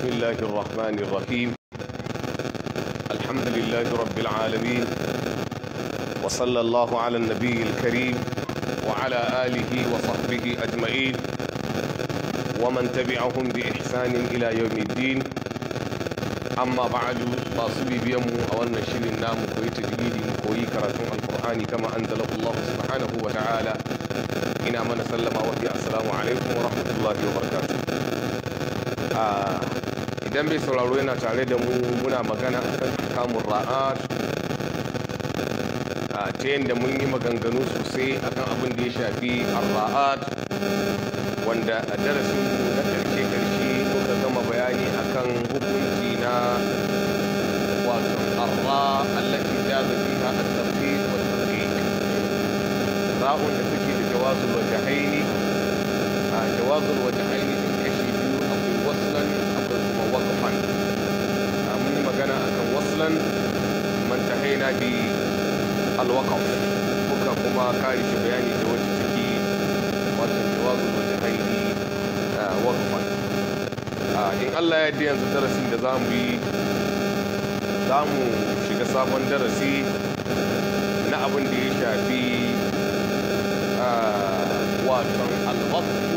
بسم الله الرحمن الرحيم الحمد لله رب العالمين وصلى الله على النبي الكريم وعلى آله وصحبه أجمعين ومن تبعهم بإحسان إلى يوم الدين amma ba'adu masu bibiyan mu a wannan shirin namu koyi tajwidi mu koyi karatun alqur'ani kama anzala Allah wa ta'ala ina mana sallama wa assalamu rahmatullahi wa idan bai sauraro yana tare da mu muna magana akan kamun ra'a ta yadda mun yi maganganu sosai akan abin da ya shafi ra'ar wanda a darasin na karshe karshe muka gama bayani akan hukunci na wato arra allati jaza fiha at-tafsir wa at-tahqiq ra'un da take da jawazul wajhaini jawazul فضلا ما انتهينا بالوقف muka kuma kare shi bayani da wacce ciki wato jawabu wajen haini wakfan in allah ya yarda yanzu darasin da za mu yi shiga sabon darasi na abin da ya shafi waton alwakfu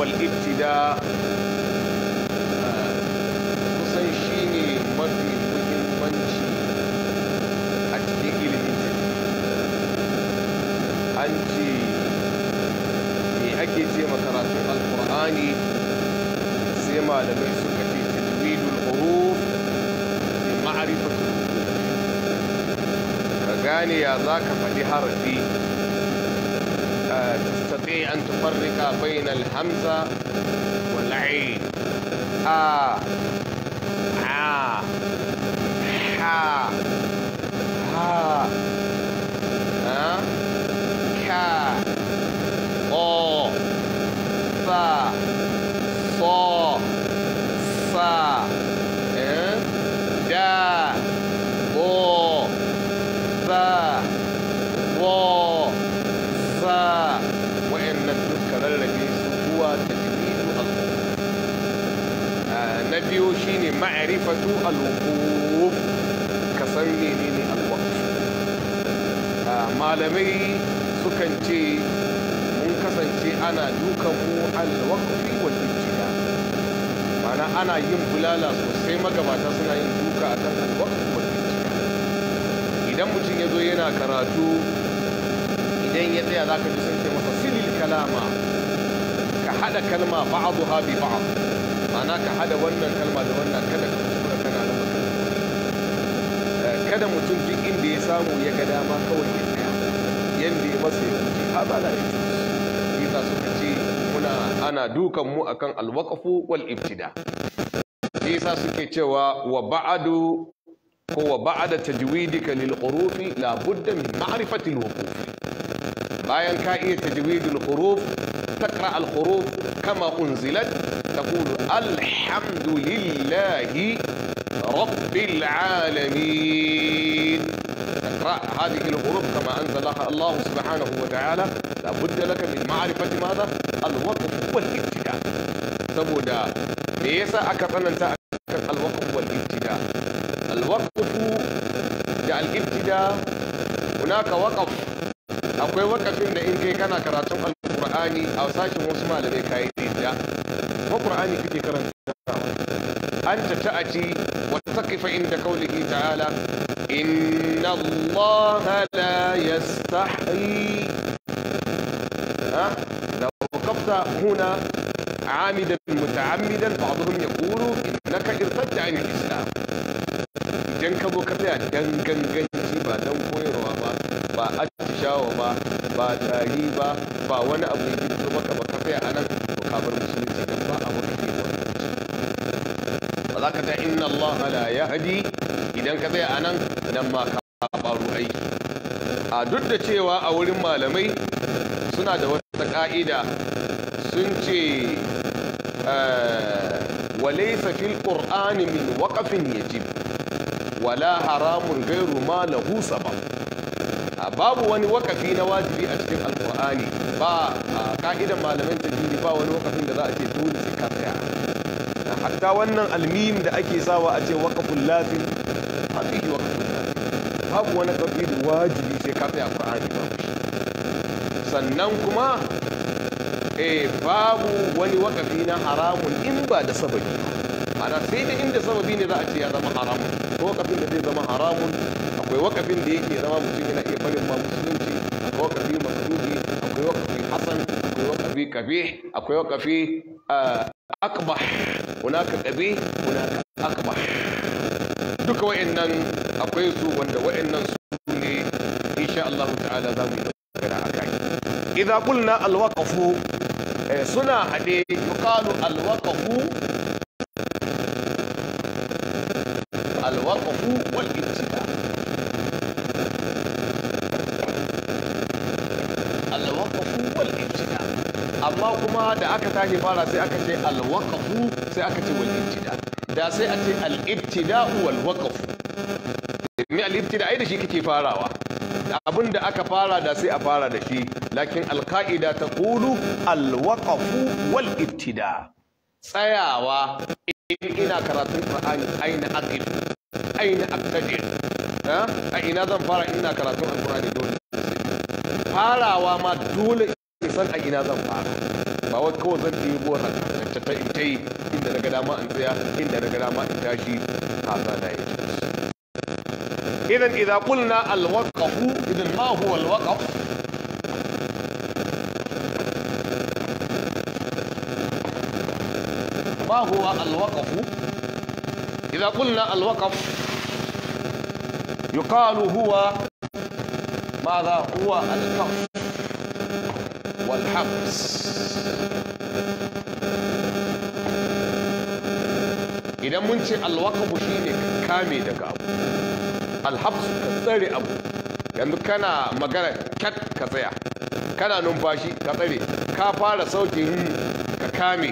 wal ibtida أكيد زي ما قرأت القرآني زي ما لم يسبق تدوين الحروف لمعرفة فقاني يا ذاك فديها ردي آه، تستطيع أن تفرق بين الهمزة والعين آه، آه، آ آ حا آه. ها كا ma'arifatu al-wuquf ka san menene al-waqf ah, malamai sukan ce mun kasance ana dukan mu al-waqfi wal ibtida ana yin bulala sosai magabata suna yin duka akan al-waqf wal idan mutum ya zo yana karatu idan ya tsaya zaka ji sun ce masa silil kalama ka haɗa kalma ba'daha bi ba'd ma'ana ka hada wannan kalma da wannan kada ka kuskura kana raba kada mutum duk inda ya samu ya ga dama kawai ya tsaya yanda ya masa ya wuce ha ba la yasa suka ce muna ana dukan mu akan alwaqfu wal ibtida yasa suke cewa wa ba'adu ko wa ba'ada tajwidika lil hurufi la budda min ma'rifati al bayan ka iya tajwidul huruf taqra al huruf kama unzilat تقول الحمد لله رب العالمين تقرأ هذه الحروف كما أنزلها الله سبحانه وتعالى لا بد لك من معرفة ماذا الوقف والابتداء سبودا ليس أكثر أنت الوقف والابتداء الوقف جاء الابتداء هناك وقف أقوى وقف إن كان كراتون القران أو ساشي مسمى لديك القرآن كيف كرنت أنت تأتي وتقف عند قوله تعالى إن الله لا يستحي ها لو وقفت هنا عامدا متعمدا بعضهم يقول إنك ارتدت عن الإسلام جنك ka zo ka tsaya dan ganganci ba dan koyarwa ba ba atishawa ba ba tari ba sanadi idan ka tsaya a nan nan ma ka faru aiki a duk da cewa a wurin malamai suna da wata ka'ida sun ce eh, walaisa fil qur'ani min waqafin yajib wala haramun gairu ma lahu sabab babu wani wakafi na wajibi a cikin alkur'ani ba a ka'idan malamin tajiri ba wani wakafin da za a ce dole sai ka tsaya hatta wannan almim da ake sawa a ce waƙafin lafin haqiqi waƙafin lafin babu wani tauhidi wajibi sai ka tsaya qur'ani babu shi sannan kuma eh babu wani waƙafi na haramun in ba da sababi ana sai da inda sababi ne za a ce ya zama haramun ko waƙafin da zai zama haramun akwai waƙafin da yake zama mutum yana iya barin ma musulunci akwai waƙafi makruhi akwai waƙafi hasan akwai waƙafi kabe akwai waƙafi akbar ah, hunaka qabi hunaka akbar duka wa'annan akwai su wanda waɗannan su ne insha allahu ta'ala za mu yi magana akai idza qulna alwaqfu eh, suna kuma da aka tashi fara sai aka ce alwakafu, sai aka ce wal da sai a ce al ibtida'u wal waqafu ai da shi kake farawa abin da aka fara da sai a fara da shi lakin alka'ida ta kulu alwakafu wal tsayawa in ina karatun qur'ani aina aqil aina abtadir eh? a ina zan fara ina karatun alqur'ani dole farawa ma dole san a ina zan fara ba wai kawai zan yi buwar ta ta ita yi inda na gada ma in tsaya inda na gada ma in tashi haza na yi idan idan kulna alwaqafu idan ma huwa alwaqaf ما هو الوقف إذا قلنا الوقف يقال هو ماذا هو الكف والحبس idan mun ce alwakafu shine kame daga abu alhabsu ka tsare abu yanzu kana magana kat ka tsaya kana numfashi ka tsare ka fara sauki ka kame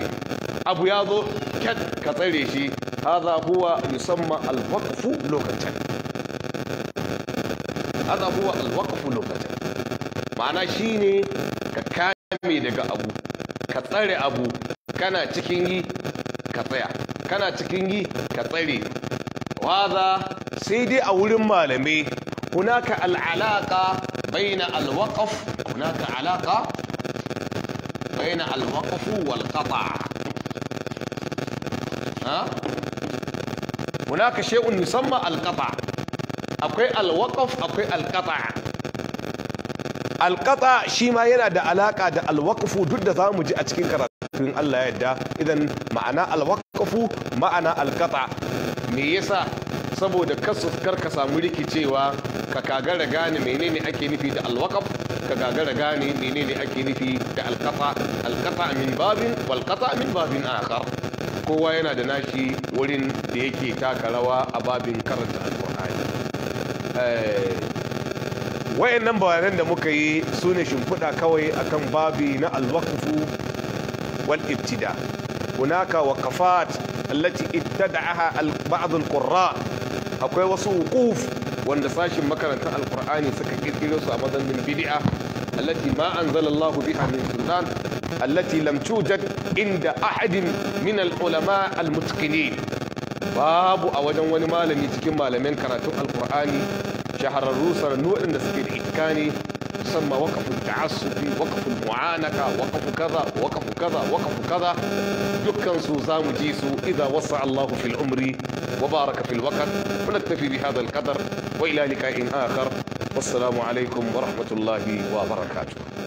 abu ya zo kat ka tsare shi haza huwa musamman alwaqfu lokacin haza huwa alwaqfu lokacin ma'ana shine kame daga abu ka tsare abu kana cikin yi ka tsaya kana cikin yi ka tsare waza sai dai a wurin malamai hunaka al'alaka baina alwaqaf hunaka alaka baina alwaqaf wal qata ha hunaka shay'un yusamma al qata akwai alwaqaf akwai al qata alƙata shi ma yana da alaƙa da alwakufu duk da za mu ji a cikin karatun Allah yadda idan ma'ana alwakufu ma'ana alƙata me yasa saboda kasu kar ka samu rikicewa ka kagara gane menene ake nufi da alwakaf ka kagara gane menene ake nufi da alƙata alƙata min babin walƙata min babin akhar kowa yana da nashi wurin da yake taka rawa a babin karanta alqur'ani eh, wayannan bayanan da muka yi su ne shimfiɗa kawai akan babi na alwaqfu wal ibtida hunaka waqafat allati ibtada'aha ba'd alqurra akwai wasu wuquf wanda sashin makarantar alqur'ani suka kirkiro su a madannin bid'a allati ma anzalallahu biha min sultan allati lam tujad inda ahadin min alulama almutqinin babu a wajen wani malami cikin malamin karatun alqur'ani شهر الروس النوع في الإتكاني يسمى وقف التعصب وقف المعانكة وقف كذا وقف كذا وقف كذا دكان سوزام جيسو إذا وسع الله في العمر وبارك في الوقت ونكتفي بهذا القدر وإلى لقاء آخر والسلام عليكم ورحمة الله وبركاته